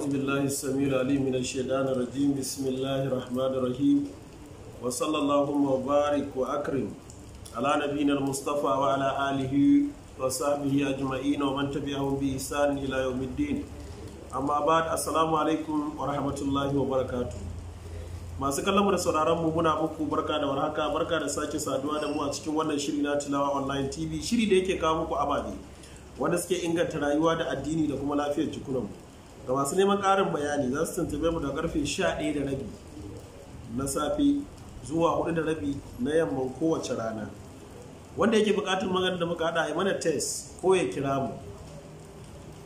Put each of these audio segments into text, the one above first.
أعوذ بالله السميع العليم من الشيطان الرجيم بسم الله الرحمن الرحيم وصلى ba assalamu alaikum wa barakatu masu kallon da sauraron mu muna muku barka da warhaka barka da sake saduwa da mu a cikin wannan shiri na tilawa online tv shiri da yake kawo muku ababe wanda suke inganta rayuwa da addini da kuma lafiyar jikunan mu ga masu neman ƙarin bayani za su tuntube mu da karfe 11 da rabi na safe zuwa 4 da rabi na yamman kowace rana wanda yake buƙatar magana da muka haɗa ya mana test ko ya kira mu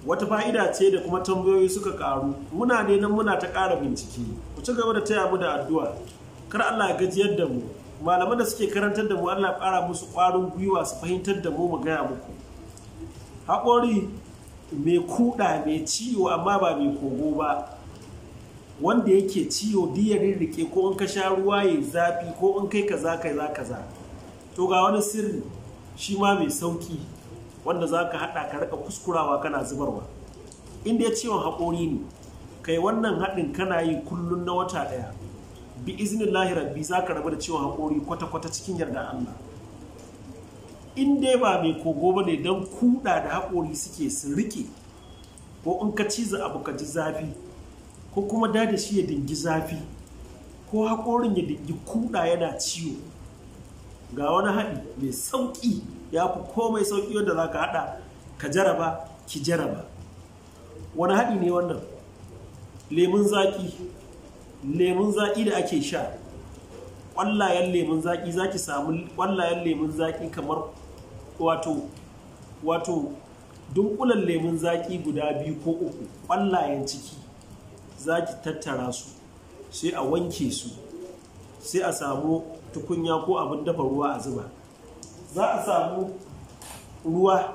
wata fa'ida ce da kuma tambayoyi suka karu muna ne nan muna ta ƙara bincike ku ci gaba da taya mu da addu'a kar Allah ya gajiyar da mu malaman da suke karantar da mu Allah ya ƙara musu ƙwarin gwiwa su fahimtar da mu mu gaya muku haƙori mai kuɗa mai ciwo amma ba mai kogo ba wanda yake ciwo diyar rirrike ko in ka sha ruwa ya zafi ko in kai za kaza za to ga wani sirri shi ma mai sauki wanda za ka haɗa ka raka kuskurawa kana zubarwa inda ya ciwon haƙori ne kai wannan haɗin kana yi kullum na wata ɗaya bi lahirar rabbi za ka rabu da ciwon haƙori kwata-kwata cikin yarda Allah in dai ba mai kogo ba ne don kuɗa da haƙori suke su riƙe ko in ka ciza abu ka ji zafi ko kuma dada shi ya dingi zafi ko haƙorin ya dingi kuɗa yana ciwo ga wani haɗi mai sauƙi ya fi komai sauƙi wanda za ka haɗa ka jaraba ki jaraba wani haɗi ne wannan lemun zaƙi lemun zaƙi da ake sha ƙwallayen lemun zaƙi za ki samu ƙwallayen lemun zaƙi kamar wato wato dunkulan lemun zaki guda biyu ko uku ƙwallayen ciki za ki tattara su sai a wanke su sai a samu tukunya ko abin dafa ruwa a zuba za a samu ruwa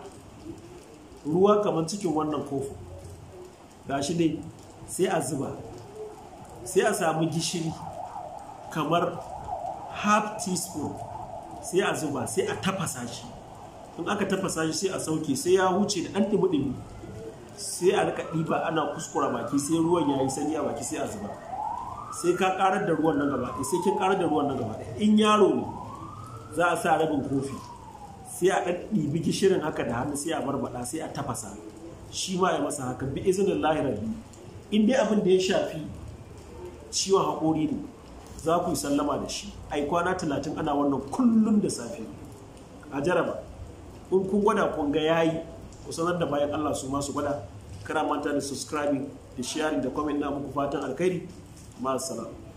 ruwa kamar cikin wannan kofin gashi dai sai a zuba sai a samu gishiri kamar half teaspoon sai a zuba sai a tafasa shi in aka tafasa shi sai a sauke sai ya huce da ɗan ɗimi sai a rika ɗiba ana kuskura baki sai ruwan ya yi sanya baki sai a zuba sai ka ƙarar da ruwan nan gaba sai kin ƙarar da ruwan nan gaba ɗaya in yaro ne za a sa rabin kofi sai a ɗan ɗibi gishirin haka da hannu sai a barbaɗa sai a tafasa shi ma ya masa haka bi izinin lahirar biyu in dai abin da ya shafi ciwon haƙori ne za ku yi sallama da shi ai kwana talatin ana wannan kullum da safe a jaraba in kun gwada kun ga yayi ku sanar da bayan Allah su masu gwada kana manta da subscribing da sharing da comment na muku fatan alkhairi ma